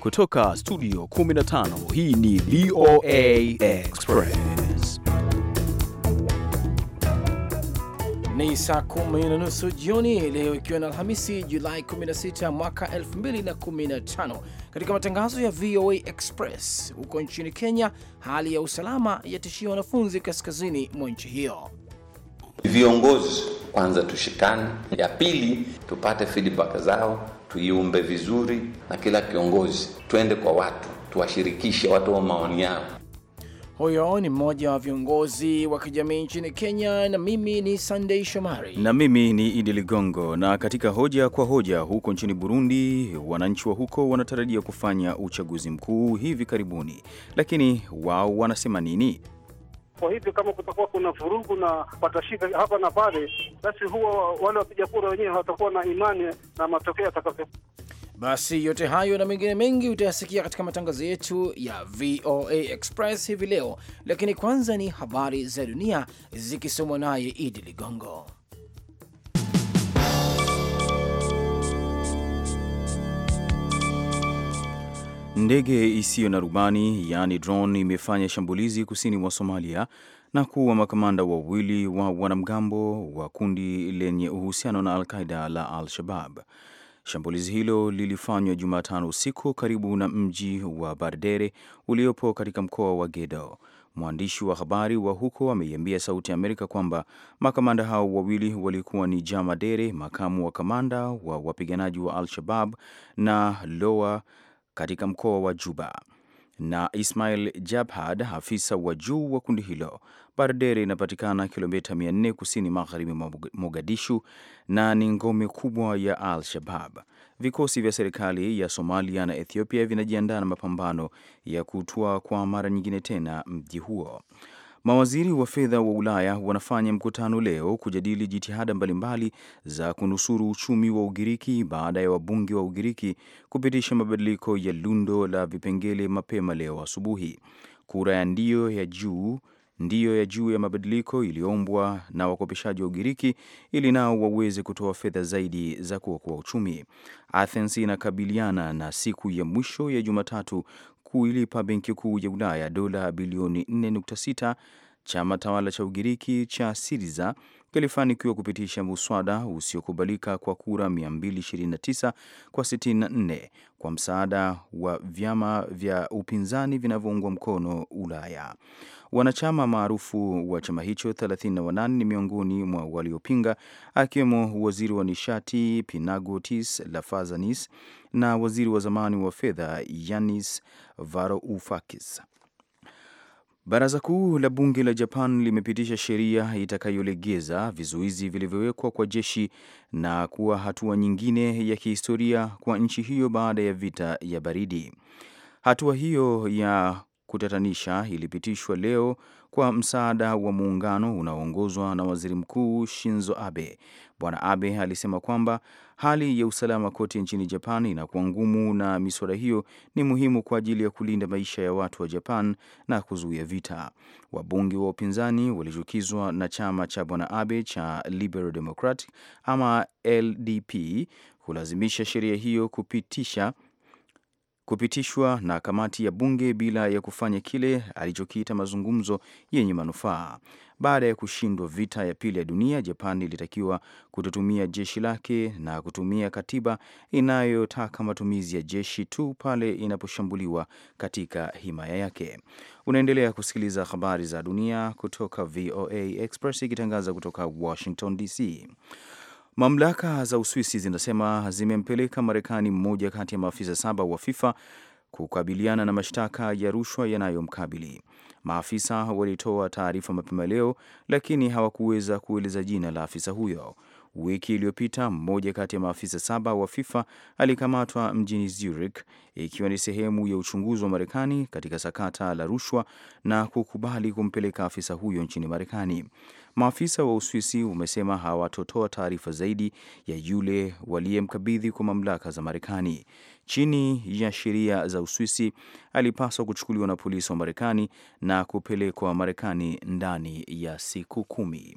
Kutoka studio 15 hii ni VOA Express. Ni saa kumi na nusu jioni leo, ikiwa na Alhamisi Julai 16 mwaka 2015. Katika matangazo ya VOA Express, huko nchini Kenya, hali ya usalama yatishia wanafunzi kaskazini mwa nchi hiyo. Viongozi kwanza tushikane, ya pili tupate feedback zao tuiumbe vizuri, na kila kiongozi twende kwa watu, tuwashirikishe watu wa maoni yao. Huyo ni mmoja wa viongozi wa kijamii nchini Kenya. Na mimi ni Sandei Shomari, na mimi ni Idi Ligongo. Na katika hoja kwa hoja, huko nchini Burundi, wananchi wa huko wanatarajia kufanya uchaguzi mkuu hivi karibuni, lakini wao wanasema nini? Kwa hivyo kama kutakuwa kuna vurugu na watashika hapa na pale, basi huwa wale wapiga kura wenyewe watakuwa na imani na matokeo yatakavyo. Basi yote hayo na mengine mengi utayasikia katika matangazo yetu ya VOA Express hivi leo, lakini kwanza ni habari za dunia zikisomwa naye Idi Ligongo. Ndege isiyo na rubani yaani drone imefanya shambulizi kusini mwa Somalia na kuua makamanda wawili wa wanamgambo wa kundi lenye uhusiano na al la Al-Shabab. Shambulizi hilo lilifanywa Jumatano usiku karibu na mji wa Bardere uliopo katika mkoa wa Gedo. Mwandishi wa habari wa huko ameiambia Sauti ya Amerika kwamba makamanda hao wawili walikuwa ni Jama Dere, makamu wa kamanda wa wapiganaji wa Al-Shabab, na Loa katika mkoa wa Juba na Ismail Jabhad, afisa wa juu wa kundi hilo. Bardere inapatikana kilomita 400 kusini magharibi mwa Mogadishu na ni ngome kubwa ya Al Shabab. Vikosi vya serikali ya Somalia na Ethiopia vinajiandaa na mapambano ya kutua kwa mara nyingine tena mji huo. Mawaziri wa fedha wa Ulaya wanafanya mkutano leo kujadili jitihada mbalimbali za kunusuru uchumi wa Ugiriki baada ya wabunge wa Ugiriki kupitisha mabadiliko ya lundo la vipengele mapema leo asubuhi. Kura ya ndio ya juu ndiyo ya juu ya mabadiliko iliyoombwa na wakopeshaji wa Ugiriki ili nao waweze kutoa fedha zaidi za kuokoa uchumi. Athens inakabiliana na siku ya mwisho ya Jumatatu kuilipa Benki Kuu ya Ulaya dola bilioni 4.6. Chama tawala cha Ugiriki cha Siriza kilifanikiwa kupitisha muswada usiokubalika kwa kura 229 kwa 64 kwa msaada wa vyama vya upinzani vinavyoungwa mkono Ulaya. Wanachama maarufu wa chama hicho 38 ni miongoni mwa waliopinga, akiwemo waziri wa nishati Pinagotis Lafazanis na waziri wa zamani wa fedha Yanis Varoufakis. Baraza kuu la bunge la Japan limepitisha sheria itakayolegeza vizuizi vilivyowekwa kwa jeshi na kuwa hatua nyingine ya kihistoria kwa nchi hiyo baada ya vita ya baridi. Hatua hiyo ya kutatanisha ilipitishwa leo kwa msaada wa muungano unaoongozwa na Waziri Mkuu Shinzo Abe. Bwana Abe alisema kwamba Hali ya usalama kote nchini Japan inakuwa ngumu na miswada hiyo ni muhimu kwa ajili ya kulinda maisha ya watu wa Japan na kuzuia vita. Wabunge wa upinzani walichukizwa na chama cha Bwana Abe cha Liberal Democrat ama LDP kulazimisha sheria hiyo kupitisha kupitishwa na kamati ya bunge bila ya kufanya kile alichokiita mazungumzo yenye manufaa. Baada ya kushindwa vita ya pili ya dunia, Japan ilitakiwa kutotumia jeshi lake na kutumia katiba inayotaka matumizi ya jeshi tu pale inaposhambuliwa katika himaya yake. Unaendelea kusikiliza habari za dunia kutoka VOA Express ikitangaza kutoka Washington DC. Mamlaka za Uswisi zinasema zimempeleka Marekani mmoja kati ya maafisa saba wa FIFA kukabiliana na mashtaka ya rushwa yanayomkabili. Maafisa walitoa taarifa mapema leo, lakini hawakuweza kueleza jina la afisa huyo. Wiki iliyopita mmoja kati ya maafisa saba wa FIFA alikamatwa mjini Zurich ikiwa ni sehemu ya uchunguzi wa Marekani katika sakata la rushwa na kukubali kumpeleka afisa huyo nchini Marekani. Maafisa wa Uswisi wamesema hawatotoa taarifa zaidi ya yule waliyemkabidhi kwa mamlaka za Marekani. Chini ya sheria za Uswisi, alipaswa kuchukuliwa na polisi wa Marekani na kupelekwa Marekani ndani ya siku kumi.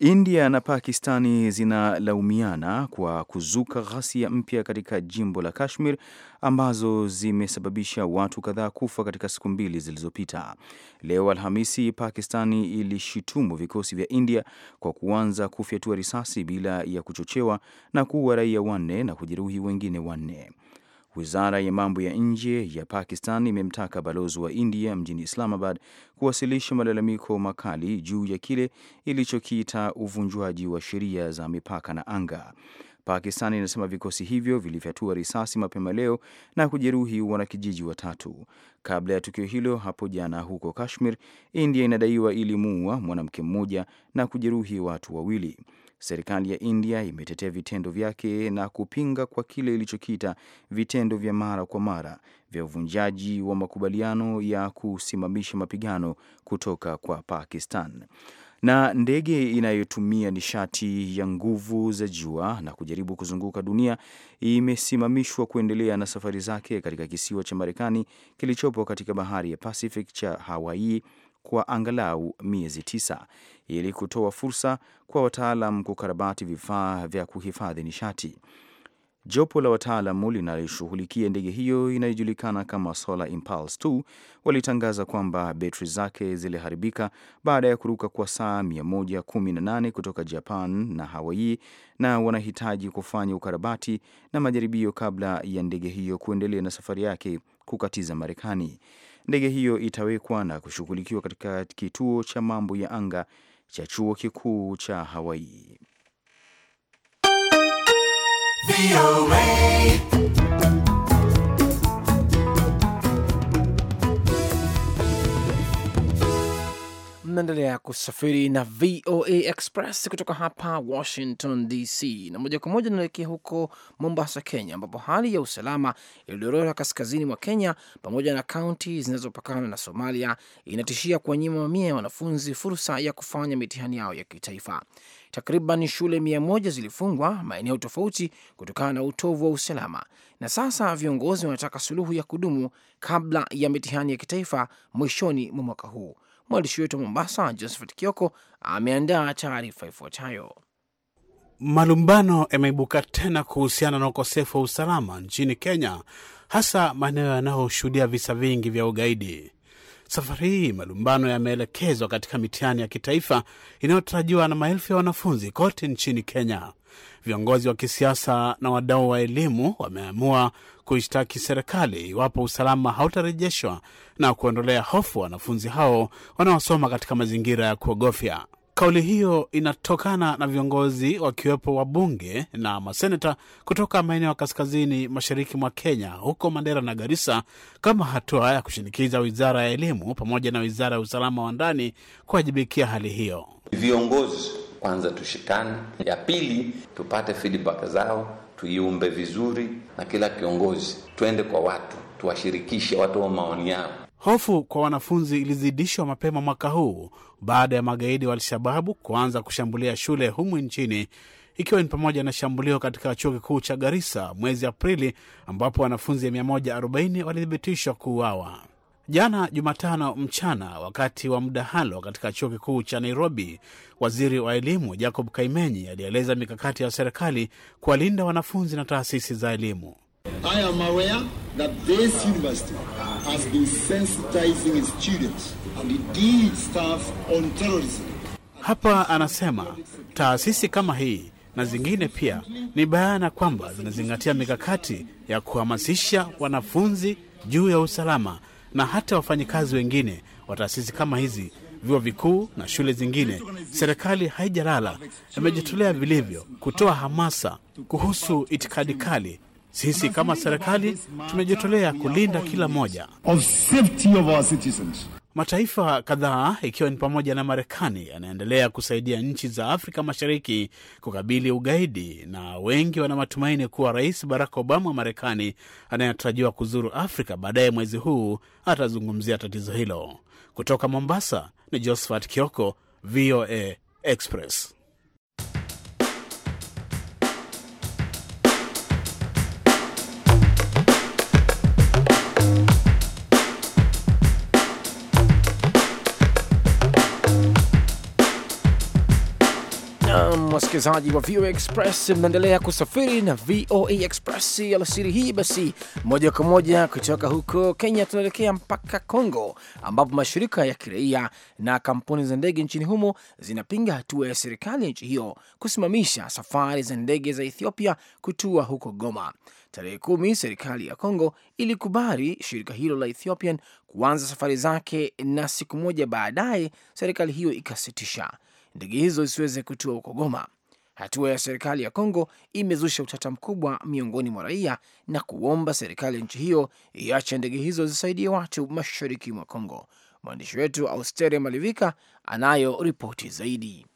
India na Pakistani zinalaumiana kwa kuzuka ghasia mpya katika jimbo la Kashmir ambazo zimesababisha watu kadhaa kufa katika siku mbili zilizopita. Leo Alhamisi, Pakistani ilishitumu vikosi vya India kwa kuanza kufyatua risasi bila ya kuchochewa na kuua raia wanne na kujeruhi wengine wanne. Wizara ya mambo ya nje ya Pakistan imemtaka balozi wa India mjini Islamabad kuwasilisha malalamiko makali juu ya kile ilichokiita uvunjwaji wa sheria za mipaka na anga. Pakistan inasema vikosi hivyo vilifyatua risasi mapema leo na kujeruhi wanakijiji watatu. Kabla ya tukio hilo hapo jana huko Kashmir, India inadaiwa ilimuua mwanamke mmoja na kujeruhi watu wawili. Serikali ya India imetetea vitendo vyake na kupinga kwa kile ilichokiita vitendo vya mara kwa mara vya uvunjaji wa makubaliano ya kusimamisha mapigano kutoka kwa Pakistan na ndege inayotumia nishati ya nguvu za jua na kujaribu kuzunguka dunia imesimamishwa kuendelea na safari zake katika kisiwa cha Marekani kilichopo katika bahari ya Pacific cha Hawaii kwa angalau miezi tisa ili kutoa fursa kwa wataalam kukarabati vifaa vya kuhifadhi nishati. Jopo la wataalamu linaloshughulikia ndege hiyo inayojulikana kama Solar Impulse 2 walitangaza kwamba betri zake ziliharibika baada ya kuruka kwa saa 118 kutoka Japan na Hawaii na wanahitaji kufanya ukarabati na majaribio kabla ya ndege hiyo kuendelea na safari yake kukatiza Marekani. Ndege hiyo itawekwa na kushughulikiwa katika kituo cha mambo ya anga cha chuo kikuu cha Hawaii. mnaendelea kusafiri na VOA Express kutoka hapa Washington DC, na moja kwa moja inaelekea huko Mombasa, Kenya, ambapo hali ya usalama iliyodorora kaskazini mwa Kenya pamoja na kaunti zinazopakana na Somalia inatishia kuwanyima mamia ya wanafunzi fursa ya kufanya mitihani yao ya kitaifa. Takriban shule mia moja zilifungwa maeneo tofauti kutokana na utovu wa usalama, na sasa viongozi wanataka suluhu ya kudumu kabla ya mitihani ya kitaifa mwishoni mwa mwaka huu. Mwandishi wetu wa Mombasa, Josephat Kioko, ameandaa taarifa ifuatayo. Malumbano yameibuka tena kuhusiana na ukosefu wa usalama nchini Kenya, hasa maeneo yanayoshuhudia visa vingi vya ugaidi. Safari hii malumbano yameelekezwa katika mitihani ya kitaifa inayotarajiwa na maelfu ya wanafunzi kote nchini Kenya. Viongozi wa kisiasa na wadau wa elimu wameamua kuishtaki serikali iwapo usalama hautarejeshwa na kuondolea hofu wanafunzi hao wanaosoma katika mazingira ya kuogofya. Kauli hiyo inatokana na viongozi wakiwepo wabunge na maseneta kutoka maeneo ya kaskazini mashariki mwa Kenya, huko Mandera na Garissa, kama hatua ya kushinikiza wizara ya elimu pamoja na wizara ya usalama wa ndani kuwajibikia hali hiyo. Viongozi kwanza tushikane, ya pili tupate feedback zao, tuiumbe vizuri, na kila kiongozi twende kwa watu, tuwashirikishe watu wa maoni yao. Hofu kwa wanafunzi ilizidishwa mapema mwaka huu baada ya magaidi wa Alshababu kuanza kushambulia shule humu nchini ikiwa ni pamoja na shambulio katika chuo kikuu cha Garissa mwezi Aprili ambapo wanafunzi 140 walithibitishwa kuuawa. Jana Jumatano mchana, wakati wa mdahalo katika chuo kikuu cha Nairobi, waziri wa elimu Jacob Kaimenyi alieleza mikakati ya serikali kuwalinda wanafunzi na taasisi za elimu. I am aware that this university has been sensitizing students and indeed staff on terrorism. Hapa anasema taasisi kama hii na zingine pia ni bayana kwamba zinazingatia mikakati ya kuhamasisha wanafunzi juu ya usalama na hata wafanyikazi wengine wa taasisi kama hizi, vyuo vikuu na shule zingine. Serikali haijalala, imejitolea vilivyo kutoa hamasa kuhusu itikadi kali. Sisi kama serikali tumejitolea kulinda kila moja of Mataifa kadhaa ikiwa ni pamoja na Marekani yanaendelea kusaidia nchi za Afrika Mashariki kukabili ugaidi, na wengi wana matumaini kuwa Rais Barack Obama wa Marekani anayetarajiwa kuzuru Afrika baadaye mwezi huu atazungumzia tatizo hilo. Kutoka Mombasa ni Josephat Kioko, VOA Express. msikilizaji wa VOA Express, mnaendelea kusafiri na VOA Express alasiri hii. Basi moja kwa moja kutoka huko Kenya tunaelekea mpaka Kongo, ambapo mashirika ya kiraia na kampuni za ndege nchini humo zinapinga hatua ya serikali ya nchi hiyo kusimamisha safari za ndege za Ethiopia kutua huko Goma. Tarehe kumi, serikali ya Kongo ilikubali shirika hilo la Ethiopian kuanza safari zake, na siku moja baadaye serikali hiyo ikasitisha ndege hizo zisiweze kutua huko Goma. Hatua ya serikali ya Kongo imezusha utata mkubwa miongoni mwa raia na kuomba serikali ya nchi hiyo iache ndege hizo zisaidie watu mashariki mwa Kongo. Mwandishi wetu Austere Malivika anayo ripoti zaidi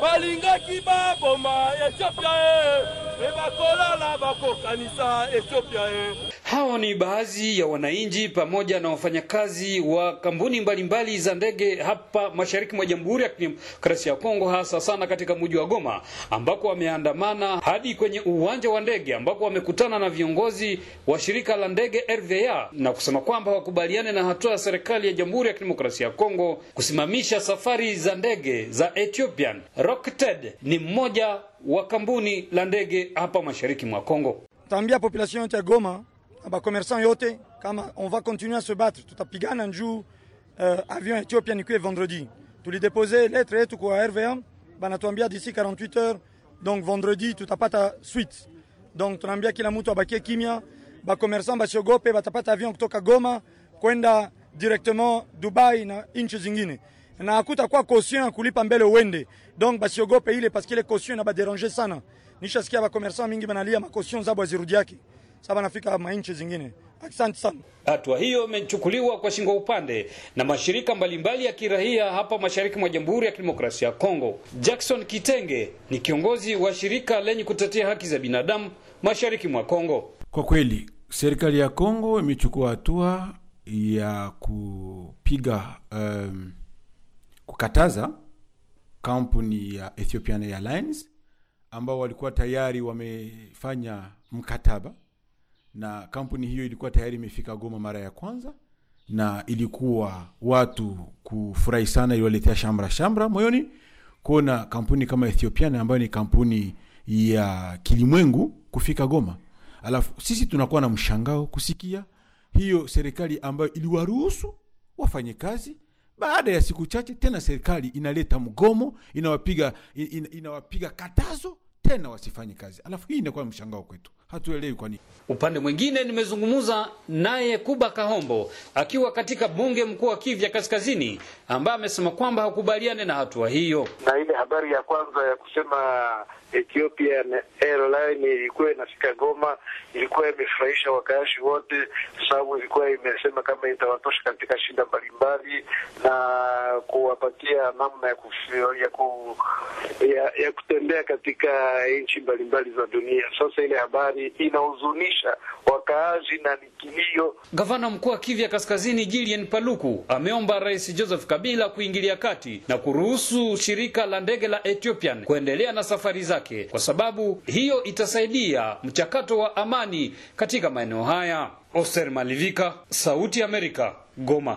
balingaki baboma ethiopia ye mpe bakokanisa ethiopia e, e. hawa ni baadhi ya wananchi pamoja na wafanyakazi wa kampuni mbalimbali za ndege hapa mashariki mwa Jamhuri ya Kidemokrasia ya Kongo, hasa sana katika muji wa Goma ambako wameandamana hadi kwenye uwanja wa ndege ambako wamekutana na viongozi wa shirika la ndege RVA na kusema kwamba wakubaliane na hatua ya serikali ya Jamhuri ya Kidemokrasia ya Kongo kusimamisha safari za ndege za Ethiopian Rocketed ni mmoja wa kampuni la ndege hapa mashariki mwa Kongo. Tambia population yote ya Goma na bakomersan yote kama on va continuer a se battre, tutapigana njuu uh, avion Ethiopia nikwe vendredi tulidepose lettre yetu kwa RVM, banatuambia d'ici 48 heures, donc vendredi tutapata suite. Donc tunaambia kila mtu abakie kimya, bakomersan basiogope, batapata avion kutoka Goma kwenda directement Dubai na inchi zingine na kwa caution ya kulipa mbele uende, donc basiogope ile parce que ile caution na inabaderange sana. Nishasikia commerçant mingi banalia ma makaution zabo azirudiake saba nafika mainchi zingine. Asante sana. Hatua hiyo imechukuliwa kwa shingo upande na mashirika mbalimbali mbali ya kiraia hapa mashariki mwa Jamhuri ya Kidemokrasia ya Kongo. Jackson Kitenge ni kiongozi wa shirika lenye kutetea haki za binadamu mashariki mwa Kongo. Kwa kweli serikali ya Kongo imechukua hatua ya kupiga um, kukataza kampuni ya Ethiopian Airlines ambao walikuwa tayari wamefanya mkataba na kampuni hiyo ilikuwa tayari imefika Goma mara ya kwanza, na ilikuwa watu kufurahi sana, iliwaletea shamra shamra moyoni kuona kampuni kama Ethiopian ambayo ni kampuni ya kilimwengu kufika Goma. Alafu sisi tunakuwa na mshangao kusikia hiyo serikali ambayo iliwaruhusu wafanye kazi baada ya siku chache tena serikali inaleta mgomo, inawapiga in, inawapiga katazo tena wasifanye kazi, alafu hii inakuwa mshangao kwetu hatuelewi kwa nini. Upande mwingine, nimezungumza naye Kuba Kahombo akiwa katika bunge mkuu wa Kivya Kaskazini, ambaye amesema kwamba hakubaliane na hatua hiyo. Na ile habari ya kwanza ya kusema Ethiopian Airline ilikuwa inafika Goma ilikuwa imefurahisha wakaashi wote, sababu ilikuwa imesema kama itawatosha katika shida mbalimbali na kuwapatia namna ya, kufio, ya, ku, ya, ya kutembea katika nchi mbalimbali za dunia. Sasa ile habari inahuzunisha wakaazi na ni kilio. Gavana mkuu wa Kivu ya Kaskazini Julien Paluku ameomba Rais Joseph Kabila kuingilia kati na kuruhusu shirika la ndege la Ethiopian kuendelea na safari zake, kwa sababu hiyo itasaidia mchakato wa amani katika maeneo haya. Oser Malivika, Sauti ya Amerika, Goma.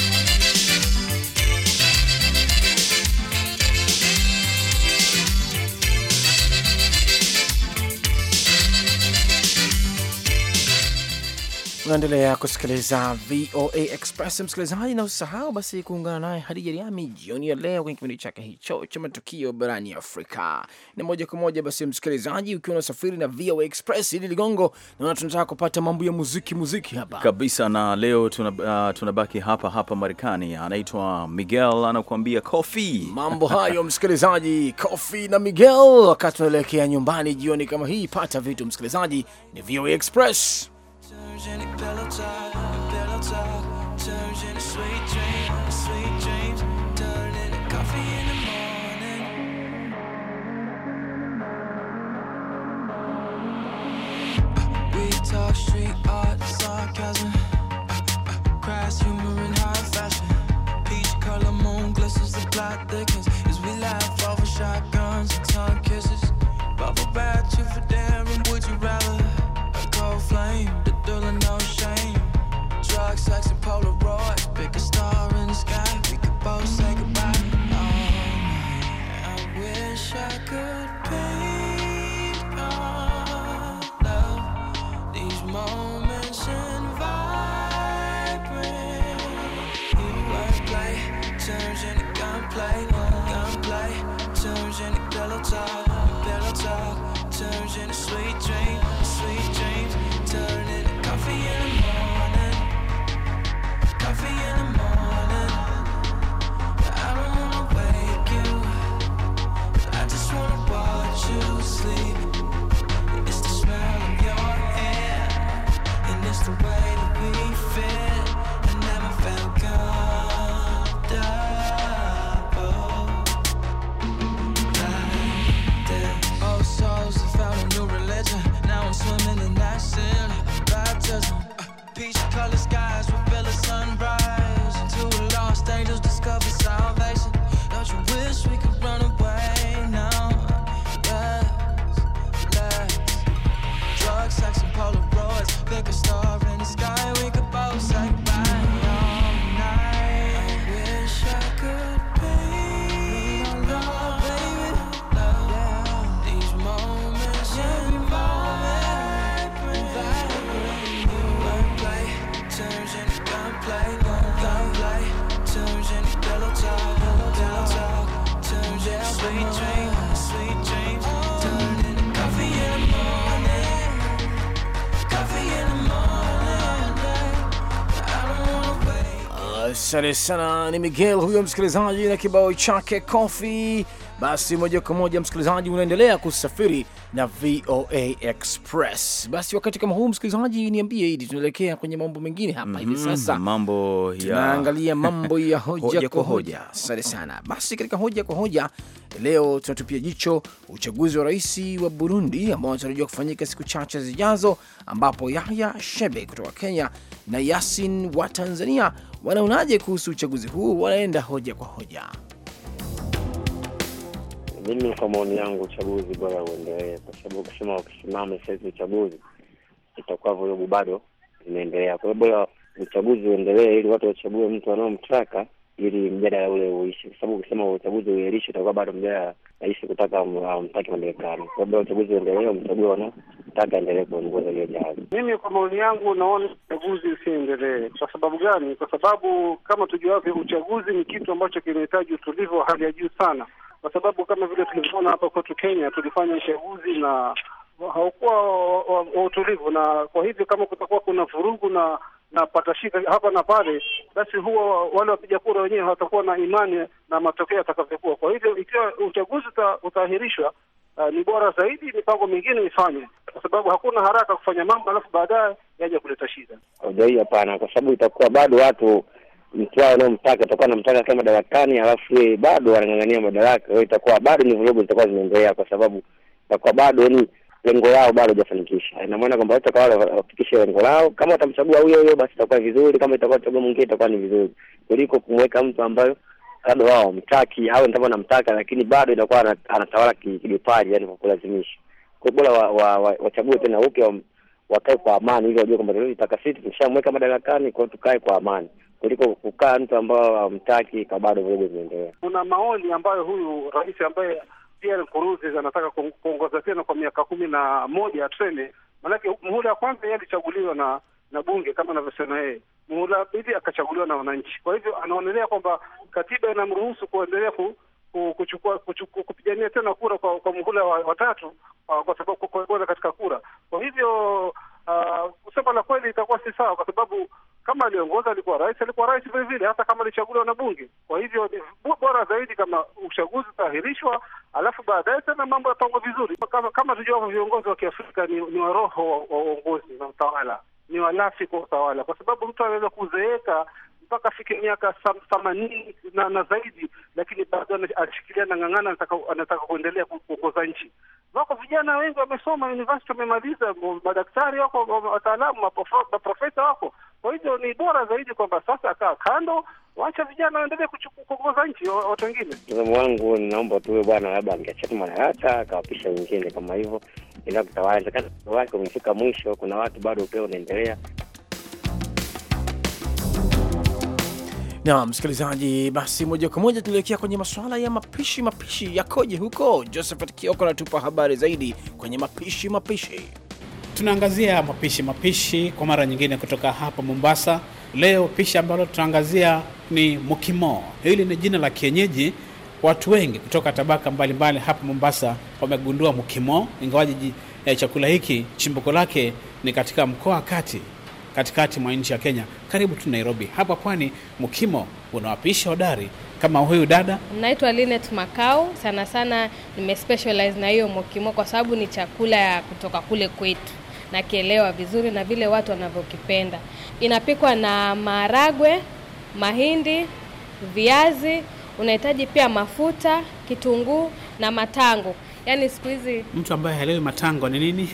Unaendelea kusikiliza VOA Express msikilizaji, na usahau basi kuungana naye Hadija Riami jioni ya leo kwenye kipindi chake hicho cha matukio barani Afrika. Ni moja kwa moja basi, msikilizaji, ukiwa unasafiri na VOA Express, ili Ligongo, naona tunataka kupata mambo ya muziki, muziki hapa kabisa, na leo uh, tunabaki tuna hapa hapa Marekani. Anaitwa Miguel anakuambia Kofi. Mambo hayo msikilizaji, Kofi na Miguel, wakati unaelekea nyumbani jioni kama hii, pata vitu msikilizaji, ni VOA Express. pillow sweet dreams, sweet dreams. Turn coffee in the morning. We talk street art, sarcasm. Asante sana, ni Miguel huyo msikilizaji na kibao chake Kofi. Basi moja kwa moja msikilizaji, unaendelea kusafiri na VOA Express. Basi wakati kama huu msikilizaji, niambie Idi, tunaelekea kwenye mambo mengine hapa hivi mm -hmm. Sasa mambo ya... tunaangalia mambo ya hoja, hoja kwa hoja. Asante sana. Basi katika hoja kwa hoja leo tunatupia jicho uchaguzi wa rais wa Burundi ambao unatarajiwa kufanyika siku chache zijazo, ambapo Yahya Shebe kutoka Kenya na Yasin wa Tanzania wanaonaje kuhusu uchaguzi huu? Wanaenda hoja kwa hoja. Mimi kwa maoni yangu, uchaguzi bora uendelee, kwa sababu kusema wakisimama sahizi uchaguzi itakuwa vurugu bado inaendelea. Kwa hiyo bora uchaguzi uendelee, ili watu wachague mtu wanaomtaka ili mjadala ule uishi, kwa sababu ukisema uchaguzi uelishwe utakuwa bado mjadala rahisi kutaka um, amtaki mamlekani, kwa sababu uchaguzi uendelee, wamchagua wanaotaka endelee kuongoza hiyo jahazi. Mimi kwa maoni yangu naona uchaguzi usiendelee. Kwa sababu gani? Kwa sababu kama tujuavyo, uchaguzi ni kitu ambacho kinahitaji utulivu wa hali ya juu sana, kwa sababu kama vile tulivyoona hapa kwetu Kenya tulifanya uchaguzi na haukuwa wa utulivu, na kwa hivyo kama kutakuwa kuna vurugu na na patashika hapa na pale, basi huwa wale wapiga kura wenyewe watakuwa na imani na matokeo yatakavyokuwa. Kwa hivyo, ikiwa uchaguzi utaahirishwa, uh, ni bora zaidi mipango mingine ifanywe, kwa sababu hakuna haraka kufanya mambo alafu baadaye yaje kuleta shida. Hoja hii hapana, kwa sababu itakuwa bado watu mtu wao wanaomtaka atakuwa anamtaka kama madarakani, alafu yeye bado wanang'ang'ania madaraka, itakuwa bado ni vurugu zitakuwa zinaendelea, kwa sababu itakuwa bado ni lengo lao bado hajafanikisha. Ina maana kwamba hata kawale wafikishe lengo lao, kama watamchagua huyo huyo basi itakuwa vizuri, kama itakuwa chagua mwingine itakuwa ni vizuri kuliko kumweka mtu ambayo bado wao mtaki au ndio wanamtaka, lakini bado inakuwa anatawala kidipari, yani kwa kulazimisha. Kwa hiyo bora wachague wa, wa, tena upya wakae kwa amani, ili wajue kwamba tutaka sisi tumeshamweka madarakani, kwa tukae kwa amani kuliko kukaa mtu ambao hamtaki, kabado vile zinaendelea. Kuna maoni ambayo huyu rais ambaye Pierre Nkurunziza anataka kuongoza tena kwa miaka kumi na moja ya treni, maanake muhula wa kwanza yeye alichaguliwa na na bunge kama anavyosema yeye, muhula wa pili akachaguliwa na wananchi. Kwa hivyo anaonelea kwamba katiba inamruhusu kuendelea ku, ku, kuchukua kuchuku, kupigania tena kura kwa, kwa muhula wa, wa tatu kwa sababu kuongoza katika kura. Kwa hivyo Uh, kusema la kweli itakuwa si sawa, kwa sababu kama aliongoza alikuwa rais, alikuwa rais vile vile, hata kama alichaguliwa na bunge. Kwa hivyo ni bora zaidi kama uchaguzi utaahirishwa, alafu baadaye tena mambo yapangwa vizuri. Kama, kama tujuavyo viongozi wa Kiafrika ni, ni waroho wa uongozi wa na utawala, ni walafi kwa utawala, kwa sababu mtu anaweza kuzeeka mpaka afike miaka themanini na, na zaidi, lakini bado anashikilia na ng'ang'ana, anataka, anataka kuendelea kuongoza nchi. Wako vijana wengi wamesoma university, wamemaliza, madaktari wako, wataalamu, maprofesa wako. Kwa hivyo ni bora zaidi kwamba sasa akaa kando, wacha vijana waendelee kuongoza nchi, watu wengine. Mtazamo wangu, ninaomba tuwe bwana, labda angeachia madaraka akawapisha wengine kama hivyo, ila kutawala wake umefika mwisho. Kuna watu bado upeo unaendelea. na msikilizaji, basi moja kwa moja tunaelekea kwenye masuala ya mapishi. Mapishi yakoje huko? Josephat Kioko anatupa habari zaidi kwenye mapishi. Mapishi tunaangazia mapishi mapishi kwa mara nyingine kutoka hapa Mombasa. Leo pishi ambalo tunaangazia ni mukimo. Hili ni jina la kienyeji. Watu wengi kutoka tabaka mbalimbali hapa Mombasa wamegundua mukimo, ingawaji eh, chakula hiki chimbuko lake ni katika mkoa wa kati katikati mwa nchi ya Kenya, karibu tu Nairobi hapa pwani. Mkimo unawapisha hodari kama huyu dada. Naitwa Linet Makau. Sana sana nimespecialize na hiyo mukimo kwa sababu ni chakula ya kutoka kule kwetu, nakielewa vizuri na vile watu wanavyokipenda. Inapikwa na maharagwe, mahindi, viazi. Unahitaji pia mafuta, kitunguu na matango. Yaani siku hizi mtu ambaye haelewi matango ni nini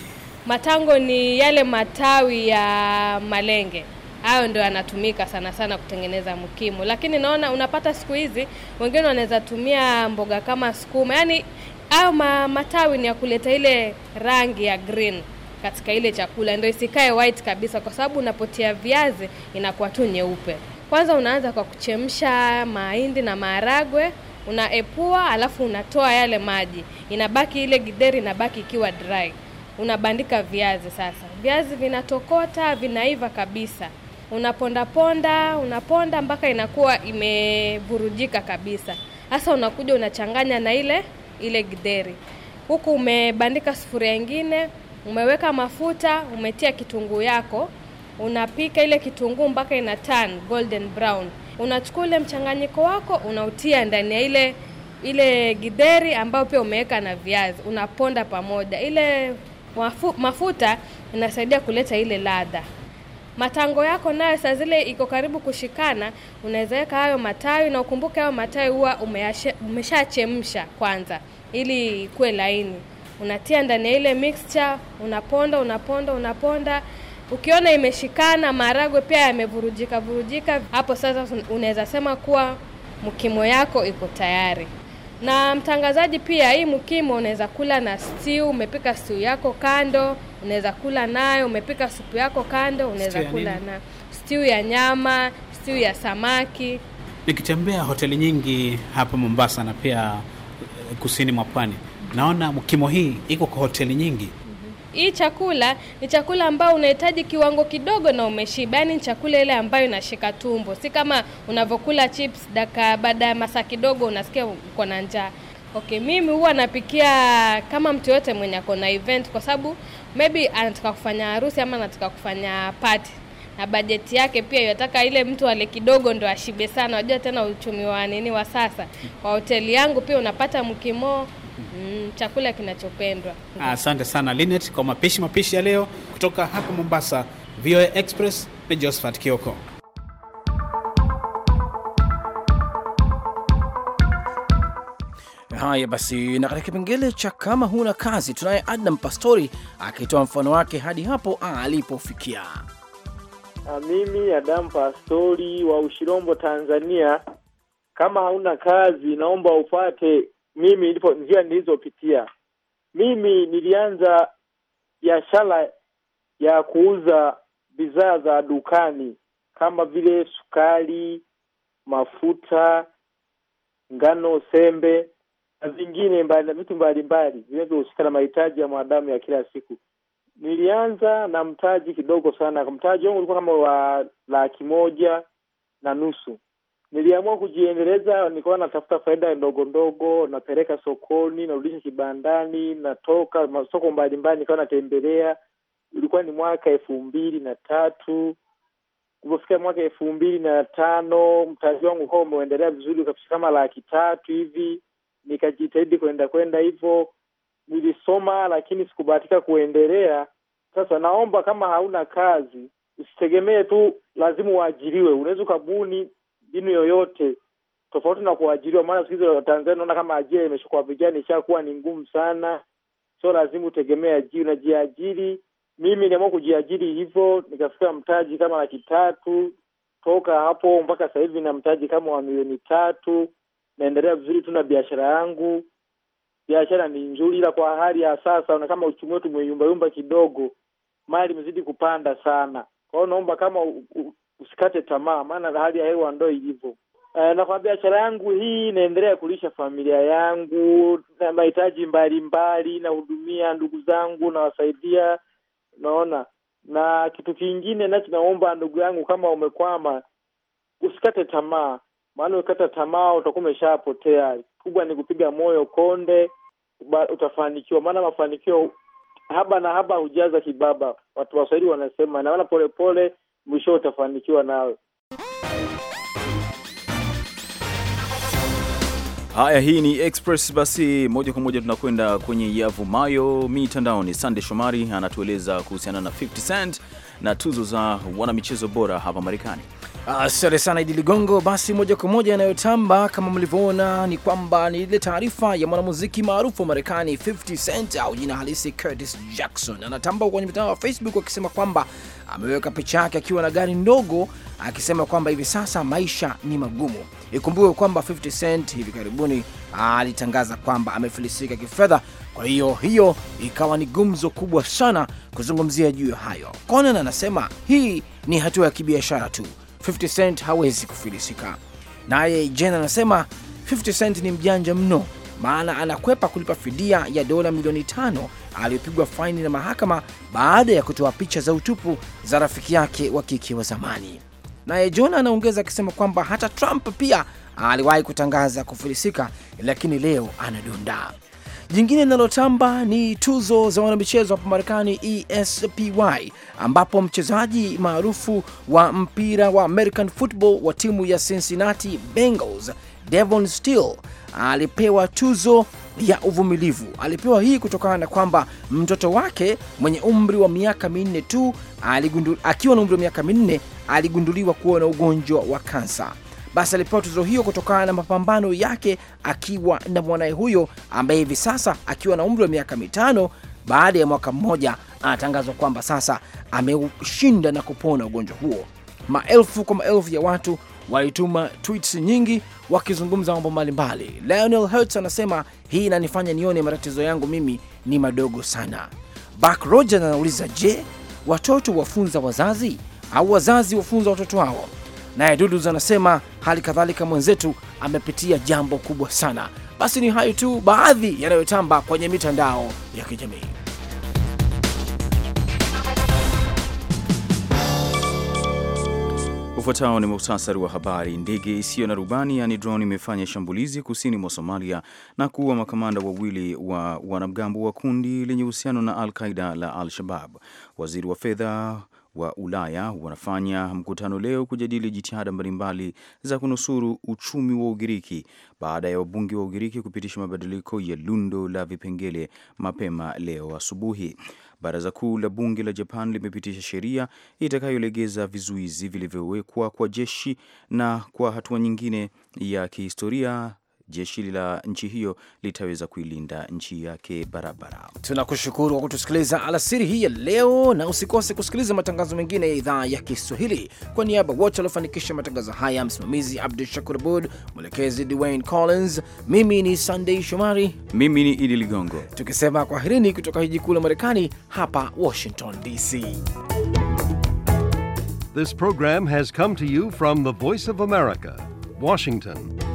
Matango ni yale matawi ya malenge, hayo ndio yanatumika sana sana kutengeneza mkimo lakini naona unapata siku hizi wengine wanaweza tumia mboga kama sukuma, yaani hayo ma, matawi ni ya kuleta ile rangi ya green katika ile chakula, ndio isikae white kabisa, kwa sababu unapotia viazi inakuwa tu nyeupe. Kwanza unaanza kwa kuchemsha mahindi na maharagwe, unaepua, alafu unatoa yale maji, inabaki ile gideri inabaki ikiwa dry unabandika viazi sasa. Viazi vinatokota, vinaiva kabisa. Unapondaponda, unaponda mpaka inakuwa imeburujika kabisa. Sasa unakuja unachanganya na ile ile gideri Huku umebandika sufuria ingine, umeweka mafuta, umetia kitunguu yako, unapika ile kitunguu mpaka ina turn golden brown. Unachukua ule mchanganyiko wako unautia ndani ya ile ile gideri ambayo pia umeweka na viazi, unaponda pamoja ile mafu, mafuta inasaidia kuleta ile ladha. Matango yako nayo saa zile iko karibu kushikana, unawezaweka hayo matawi, na ukumbuke hayo matawi huwa umeshachemsha kwanza ili ikuwe laini. Unatia ndani ya ile mixture, unaponda unaponda unaponda Ukiona imeshikana, maharagwe pia yamevurujika vurujika, hapo sasa unaweza sema kuwa mkimo yako iko tayari. Na mtangazaji pia, hii mkimo unaweza kula na stew, umepika stew yako kando, unaweza kula nayo, umepika supu yako kando, unaweza kula na stew ya nyama, stew ya samaki. Nikitembea hoteli nyingi hapa Mombasa na pia eh, kusini mwa pwani, naona mkimo hii iko kwa hoteli nyingi hii chakula ni chakula ambao unahitaji kiwango kidogo na umeshiba, yani chakula ile ambayo inashika tumbo, si kama unavyokula chips daka baada ya masaa kidogo unasikia uko na njaa. Okay, mimi huwa napikia kama mtu yote mwenye ako na event, kwa sababu maybe anataka kufanya harusi ama anataka kufanya party na bajeti yake pia yataka ile mtu ale kidogo ndo ashibe sana. Unajua tena uchumi wa nini wa sasa. Kwa hoteli yangu pia unapata mkimo mm, chakula kinachopendwa. Ah, asante sana Linet kwa mapishi mapishi ya leo kutoka hapa Mombasa. VOA Express ni Josephat Kioko. Haya basi, na katika kipengele cha kama huna kazi, tunaye Adam Pastori akitoa mfano wake hadi hapo alipofikia. Ah, mimi Adam Pastori wa Ushirombo, Tanzania. Kama hauna kazi, naomba upate mimi ndipo njia nilizopitia. Mimi nilianza biashara ya kuuza bidhaa za dukani kama vile sukari, mafuta, ngano, sembe na vingine mbali, vitu mbalimbali vinavyohusika na mahitaji ya mwanadamu ya kila siku. Nilianza na mtaji kidogo sana. Mtaji wangu ulikuwa kama wa laki moja na nusu Niliamua kujiendeleza, nikawa natafuta faida ndogo ndogo, napeleka sokoni, narudisha kibandani, natoka masoko mbalimbali, nikawa natembelea. Ilikuwa ni mwaka elfu mbili na tatu ulipofika mwaka elfu mbili na tano mtaji wangu ukawa umeendelea vizuri, ukafika kama laki tatu hivi. Nikajitahidi kwenda kwenda hivyo, nilisoma lakini sikubahatika kuendelea. Sasa naomba kama hauna kazi usitegemee tu lazima uajiriwe, unaweza ukabuni mbinu yoyote tofauti na kuajiriwa. Maana siku hizi Tanzania naona kama ajira imeshakuwa vijana ishakuwa ni ngumu sana, sio lazima utegemee ajira, unajiajiri. Mimi niamua kujiajiri hivyo, nikafika mtaji kama laki tatu. Toka hapo mpaka sasa hivi na mtaji kama wa milioni tatu, naendelea vizuri tu na biashara yangu. Biashara ni nzuri, ila kwa hali ya sasa na kama uchumi wetu umeyumbayumba kidogo, mali imezidi kupanda sana. Kwa hiyo naomba kama usikate tamaa, maana hali ya hewa ndo ilivyo. Uh, eh, na kwa biashara yangu hii inaendelea kulisha familia yangu na mahitaji mbalimbali, nahudumia ndugu zangu, nawasaidia, naona. Na kitu kingine nacho, naomba ndugu yangu, kama umekwama usikate tamaa, maana ukikata tamaa utakuwa umeshapotea. Kubwa ni kupiga moyo konde, utafanikiwa, maana mafanikio haba na haba hujaza kibaba, watu Waswahili wanasema, na wala polepole pole, mwisho utafanikiwa nawe. Haya, hii ni Express. Basi moja kwa moja tunakwenda kwenye yavumayo mitandaoni. Sande Shomari anatueleza kuhusiana na 50 Cent na tuzo za wanamichezo bora hapa Marekani. Asante sana Idi Ligongo. Basi moja kwa moja yanayotamba kama mlivyoona ni kwamba ni ile taarifa ya mwanamuziki maarufu wa Marekani 50 Cent au jina halisi Curtis Jackson, anatamba kwenye mitandao ya Facebook akisema kwamba ameweka picha yake akiwa na gari ndogo akisema kwamba hivi sasa maisha ni magumu. Ikumbuke kwamba 50 Cent hivi karibuni ah, alitangaza kwamba amefilisika kifedha, kwa hiyo hiyo ikawa ni gumzo kubwa sana kuzungumzia juu ya hayo. Conan anasema hii ni hatua ya kibiashara tu, 50 Cent hawezi kufilisika. Naye Jen anasema 50 Cent ni mjanja mno, maana anakwepa kulipa fidia ya dola milioni tano aliyopigwa faini na mahakama baada ya kutoa picha za utupu za rafiki yake wa kike wa zamani. Naye jona anaongeza akisema kwamba hata Trump pia aliwahi kutangaza kufilisika, lakini leo anadunda. Jingine linalotamba ni tuzo za wanamichezo hapa Marekani, ESPY, ambapo mchezaji maarufu wa mpira wa American football wa timu ya Cincinnati Bengals Devon Steele alipewa tuzo ya uvumilivu. Alipewa hii kutokana na kwamba mtoto wake mwenye umri wa miaka minne tu aligundul, akiwa na umri wa miaka minne aligunduliwa kuwa na ugonjwa wa kansa. Basi alipewa tuzo hiyo kutokana na mapambano yake akiwa na mwanaye huyo ambaye hivi sasa akiwa na umri wa miaka mitano baada ya mwaka mmoja anatangazwa kwamba sasa ameushinda na kupona ugonjwa huo. Maelfu kwa maelfu ya watu walituma tweets nyingi wakizungumza mambo mbalimbali. Lionel Hertz anasema hii inanifanya nione matatizo yangu mimi ni madogo sana. Buck Roger anauliza, je, watoto wafunza wazazi au wazazi wafunza watoto wao? Naye Duduz anasema hali kadhalika, mwenzetu amepitia jambo kubwa sana. Basi ni hayo tu baadhi yanayotamba kwenye mitandao ya kijamii. Ufuatao ni muktasari wa habari. Ndege isiyo na rubani yaani drone imefanya shambulizi kusini mwa Somalia na kuua makamanda wawili wa wanamgambo wa kundi lenye uhusiano na Al Qaida la Al-Shabab. Waziri wa fedha wa Ulaya wanafanya mkutano leo kujadili jitihada mbalimbali za kunusuru uchumi wa Ugiriki baada ya wabunge wa Ugiriki kupitisha mabadiliko ya lundo la vipengele mapema leo asubuhi. Baraza kuu la bunge la Japan limepitisha sheria itakayolegeza vizuizi vilivyowekwa kwa jeshi na kwa hatua nyingine ya kihistoria jeshi la nchi hiyo litaweza kuilinda nchi yake barabara. Tunakushukuru kwa kutusikiliza alasiri hii ya leo, na usikose kusikiliza matangazo mengine ya idhaa ya Kiswahili. Kwa niaba wote waliofanikisha matangazo haya, msimamizi Abdu Shakur Abud, mwelekezi Dwayne Collins, mimi ni Sandei Shomari, mimi ni Idi Ligongo, tukisema kwaherini kutoka jiji kuu la Marekani hapa Washington DC. This program has come to you from the Voice of America, Washington.